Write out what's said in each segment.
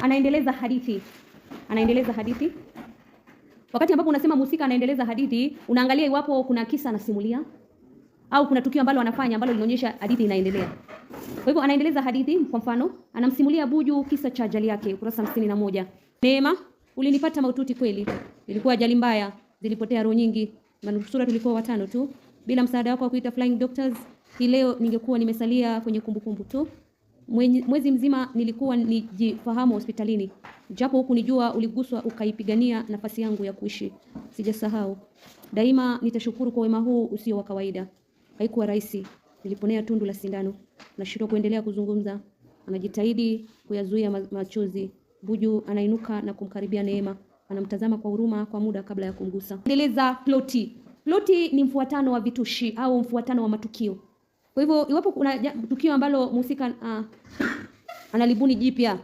anaendeleza hadithi, anaendeleza hadithi. Wakati ambapo unasema mhusika anaendeleza hadithi, unaangalia iwapo kuna kisa anasimulia au kuna tukio ambalo anafanya ambalo linaonyesha hadithi inaendelea. Kwa hivyo anaendeleza hadithi, kwa mfano, anamsimulia Buju kisa cha ajali yake, ukurasa hamsini na moja. Neema, ulinipata maututi kweli. Ilikuwa ajali mbaya, zilipotea roho nyingi. Manusura tulikuwa watano tu. Bila msaada wako wa kuita flying doctors, hii leo ningekuwa nimesalia kwenye kumbukumbu kumbu tu. Mwezi mzima nilikuwa nijifahamu hospitalini, japo hukunijua, uliguswa ukaipigania nafasi yangu ya kuishi. Sijasahau daima, nitashukuru kwa wema huu usio wa kawaida. Haikuwa rahisi, niliponea tundu la sindano, nashindwa kuendelea kuzungumza. Anajitahidi kuyazuia machozi. Buju anainuka na kumkaribia Neema, anamtazama kwa huruma kwa muda kabla ya kumgusa. Endeleza ploti. Ploti ni mfuatano wa vitushi au mfuatano wa matukio. Kwa hivyo iwapo kuna tukio ambalo mhusika uh, ah, analibuni jipya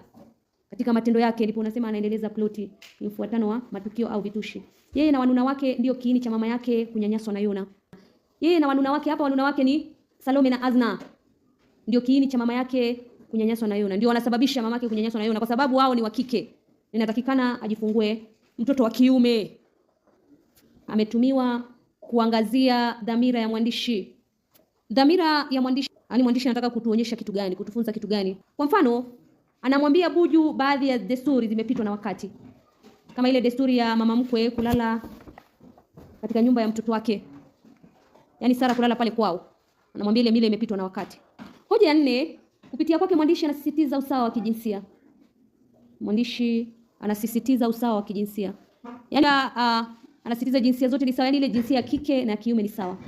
katika matendo yake, ndipo unasema anaendeleza ploti, ni mfuatano wa matukio au vitushi. Yeye na wanuna wake ndio kiini cha mama yake kunyanyaswa na Yona. Yeye na wanuna wake, hapa wanuna wake ni Salome na Azna, ndio kiini cha mama yake kunyanyaswa na Yona, ndio wanasababisha mama yake kunyanyaswa na Yona, kwa sababu wao ni wa kike, inatakikana ajifungue mtoto wa kiume. Ametumiwa kuangazia dhamira ya mwandishi dhamira ya mwandishi, yani mwandishi anataka kutuonyesha kitu gani, kutufunza kitu gani? Kwa mfano, anamwambia Buju baadhi ya desturi zimepitwa na wakati, kama ile desturi ya mama mkwe kulala katika nyumba ya mtoto wake, yani Sara kulala pale kwao. Anamwambia ile mila imepitwa na wakati. Hoja ya nne, kupitia kwake mwandishi anasisitiza usawa wa kijinsia. Mwandishi anasisitiza usawa wa kijinsia yani, uh, ah, ah, anasisitiza jinsia zote ni sawa, yani ile jinsia ya kike na kiume ni sawa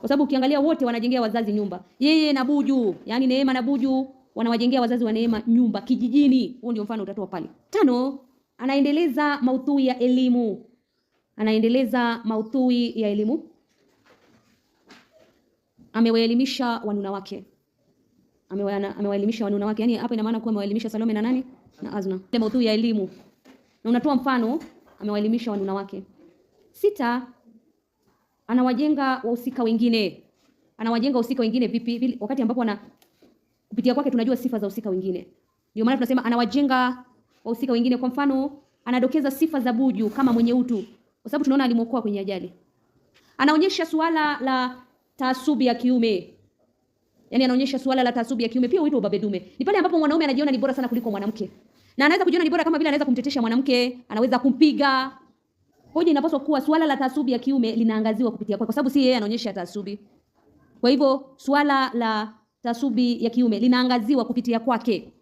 kwa sababu ukiangalia wote wanajengea wazazi nyumba, yeye na Buju, yani Neema na Buju wanawajengea wazazi wa Neema nyumba kijijini. Huo ndio mfano utatoa pale. Tano, anaendeleza maudhui ya elimu, anaendeleza maudhui ya elimu, amewaelimisha wanuna wake amewaelimisha wanuna wake. Yani hapa ina maana kuwa amewaelimisha Salome na nani na Azna, maudhui ya elimu, na unatoa mfano amewaelimisha wanuna wake. Sita, anawajenga wahusika wengine, anawajenga wahusika wengine vipi, wakati ambapo ana kupitia kwake tunajua sifa za wahusika wengine. Ndio maana tunasema anawajenga wahusika wengine. Kwa mfano, anadokeza sifa za Buju kama mwenye utu, kwa sababu tunaona alimwokoa kwenye ajali. Anaonyesha suala la taasubi ya kiume, yaani anaonyesha suala la taasubi ya kiume, pia huitwa ubabe dume. Ni pale ambapo mwanaume anajiona ni bora sana kuliko mwanamke, na anaweza kujiona ni bora, kama vile anaweza kumtetesha mwanamke, anaweza kumpiga, hoja inapaswa kuwa swala la taasubi ya kiume linaangaziwa kupitia kwake, kwa sababu si yeye anaonyesha taasubi. Kwa hivyo swala la taasubi ya kiume linaangaziwa kupitia kwake,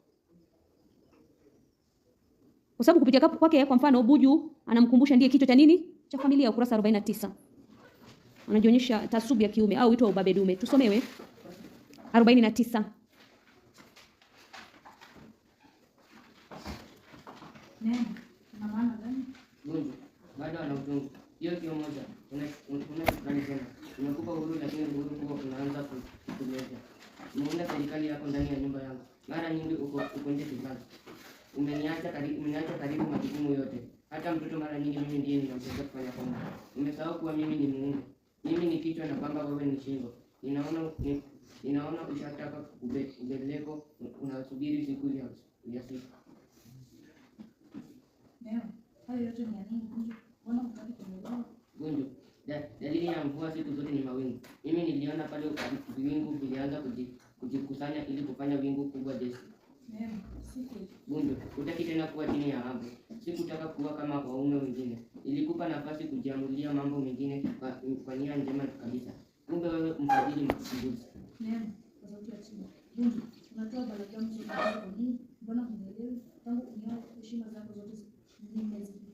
kwa sababu kupitia kwake, kwa mfano, Buju anamkumbusha ndiye kichwa cha nini cha familia, ukurasa 49 anajionyesha taasubi ya kiume au wito wa ubabe dume. Tusomewe 49 Nene, baada ya wanafunzi, hiyo sio moja. Una shukrani tena, umekupa uhuru, lakini uhuru huo unaanza kutumeza. Umeunda serikali yako ndani ya nyumba yangu, mara nyingi uko uko nje kizazi. Umeniacha karibu, umeniacha karibu majukumu yote, hata mtoto mara nyingi mimi ndiye ninamsaidia kufanya kwa kazi. Umesahau kuwa mimi ni Mungu, mimi ni kichwa na kwamba wewe ni shingo. Ninaona ni, ninaona ushataka ubeleko, unasubiri siku ya ya siku. Hayo yote ni ya Mungu. Gunjo, dalili ya mvua siku zote ni mawingu. Mimi niliona pale viwingu vilianza kujikusanya ili kufanya wingu kubwa jeshi. Gunjo, utaki tena kuwa chini ya hapo. Sikutaka kuwa kama waume wengine. Ilikupa nafasi kujiamulia mambo mengine kwa, kwa nia njema kabisa. Kumbe wewe mfadhili mzuri. Mbona hunielewi? Tangu heshima zako zote nimezi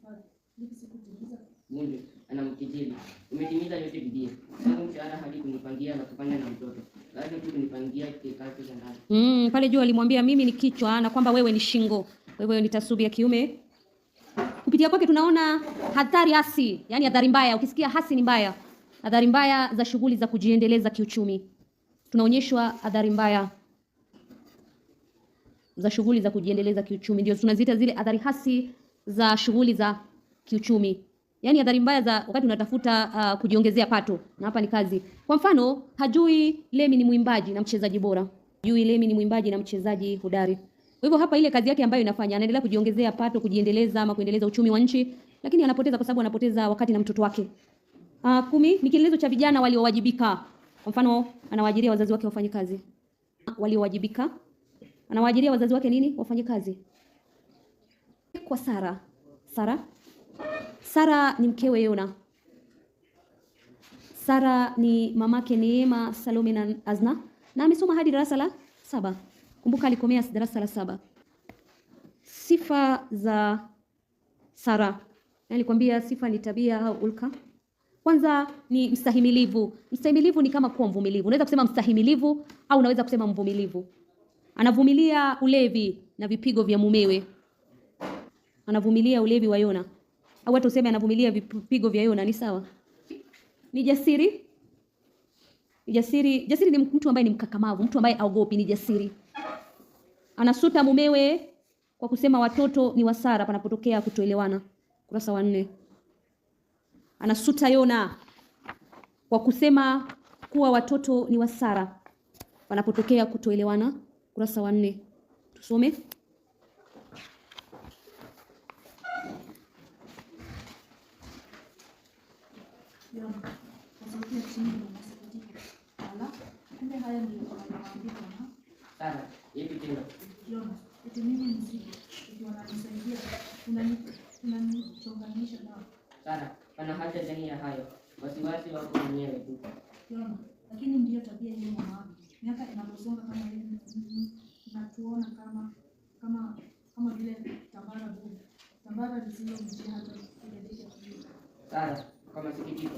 mjini. Umetimiza yote bidii Sasa mshahara hadi kunipangia na kufanya na mtoto, lazima tu kunipangia kikazi cha ndani. Mm, pale juu alimwambia mimi ni kichwa na kwamba wewe ni shingo, wewe ni tasubi ya kiume. Kupitia kwake tunaona hatari hasi, yani hatari mbaya. Ukisikia hasi ni mbaya, athari mbaya za shughuli za kujiendeleza kiuchumi. Tunaonyeshwa athari mbaya za shughuli za kujiendeleza kiuchumi, ndio tunaziita zile athari hasi za shughuli za kiuchumi yani athari mbaya za wakati unatafuta uh, kujiongezea pato, na hapa ni kazi. Kwa mfano, hajui Lemi ni mwimbaji na mchezaji bora, hajui Lemi ni mwimbaji na mchezaji hodari. Kwa hivyo hapa ile kazi yake ambayo inafanya anaendelea kujiongezea pato, kujiendeleza ama kuendeleza uchumi wa nchi, lakini anapoteza kwa sababu anapoteza wakati na mtoto wake. Uh, kumi ni kielelezo cha vijana waliowajibika. Kwa mfano, anawaajiria wazazi wake wafanye kazi. Waliowajibika. Anawaajiria wazazi wake nini? Wafanye kazi. Kwa Sara. Sara Sara ni mkewe Yona. Sara ni mamake Neema, Salome na Azna na amesoma hadi darasa la saba. Kumbuka alikomea darasa la saba. Sifa za Sara. Nilikwambia sifa ni tabia au ulka. Kwanza ni mstahimilivu. Mstahimilivu ni kama kuwa mvumilivu. Unaweza kusema mstahimilivu au unaweza kusema mvumilivu. Anavumilia ulevi na vipigo vya mumewe. Anavumilia ulevi wa Yona au hata useme anavumilia vipigo vya Yona ni sawa. Ni jasiri. Ni jasiri. Jasiri ni mtu ambaye ni mkakamavu, mtu ambaye aogopi, ni jasiri. Anasuta mumewe kwa kusema watoto ni wasara panapotokea kutoelewana. Kurasa wa nne. Anasuta Yona kwa kusema kuwa watoto ni wasara panapotokea kutoelewana. Kurasa wa nne. Tusome. kuyaona kusokia chini na masikitiko. Ala, kumbe haya ndio Pana haja ndani ya hayo. Wasiwasi wako mwenyewe tu. Lakini ndio tabia hiyo mama. Miaka inaposonga kama hivi natuona kama kama kama vile tambara bure. Tambara lisilo mjia hata kile kile. Sana kwa masikitiko,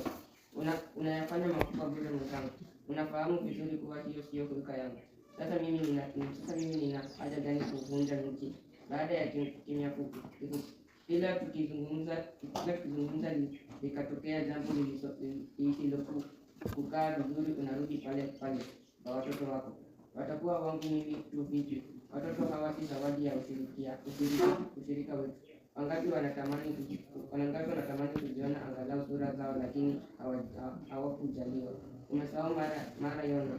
unayafanya una makubwa bure mwenzangu. Unafahamu vizuri kuwa hiyo siyo hulka yangu. Sasa mimi nina sasa mimi nina haja gani kuvunja mji? Baada ya kimya fupi bila tukizungumza bila tukizungumza, likatokea jambo lisilokukaa vizuri. Unarudi pale pale kwa watoto wako, watakuwa wangu mimi tu vipi? Watoto hawa si zawadi ya ushirika ushirika wetu. Wangapi wanatamani wangapi wanatamani kujiona angalau sura zao, lakini hawakujaliwa. Umesahau mara mara Yona.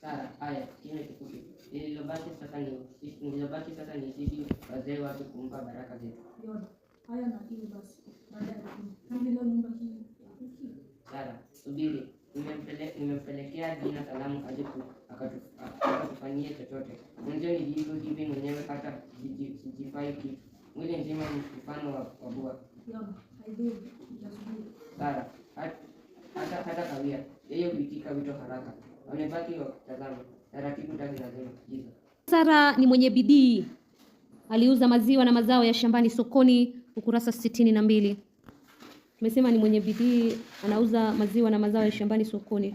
Sara, aya kime kikupi ililobaki sasa ni ililobaki sasa ni sisi wazee wake kumpa baraka zetu. Sara, subiri, nimempelekea jina salamu aje akatufanyia chochote. hivyo hivi mwenyewe hata sijifai kitu. Mwili ni mfano wa Sara hata hata kawia, yeye huitika wito haraka, wamebaki wakitazama taratibu lazima Sara ni mwenye bidii, aliuza maziwa na mazao ya shambani sokoni. Ukurasa sitini na mbili. Tumesema ni mwenye bidii, anauza maziwa na mazao ya shambani sokoni.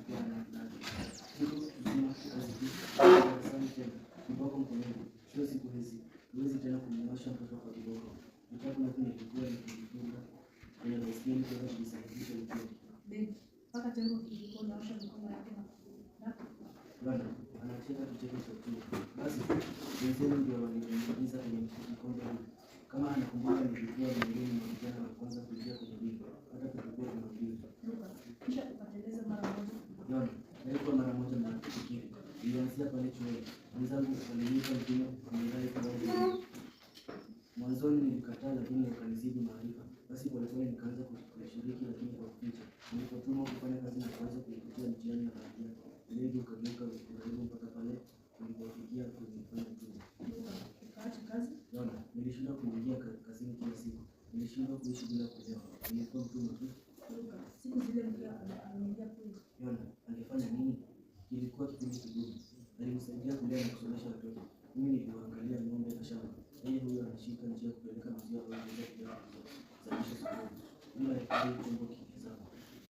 anacheza kicheko Basi wenzenu ndio waliniingiza kwenye kikombe Kama anakumbuka, nilikuwa miongoni mwa wa kwanza kuingia kwenye bima, hata kulikuwa kuna mara moja na kufikiri pale chuoni, wenzangu walinipa Mwanzoni nilikataa, lakini wakanizidi maarifa basi polepole nikaanza kushiriki, lakini kwa kuficha. Nilipotumwa kufanya kazi na kuanza kuipitia mtihani na baadaye wengi ukageuka ukijaribu mpaka pale ulipofikia kuzifanya tuzo. Naona nilishindwa kuingia kazini kila siku, nilishindwa kuishi bila kulewa, nilikuwa mtumwa tu. alifanya nini? Kilikuwa kipindi kigumu, kulea na kusomesha watoto, mimi niliwaangalia ng'ombe na shamba. Yeye huyo anashika njia kupeleka maziwa 咱们，因为都是中国。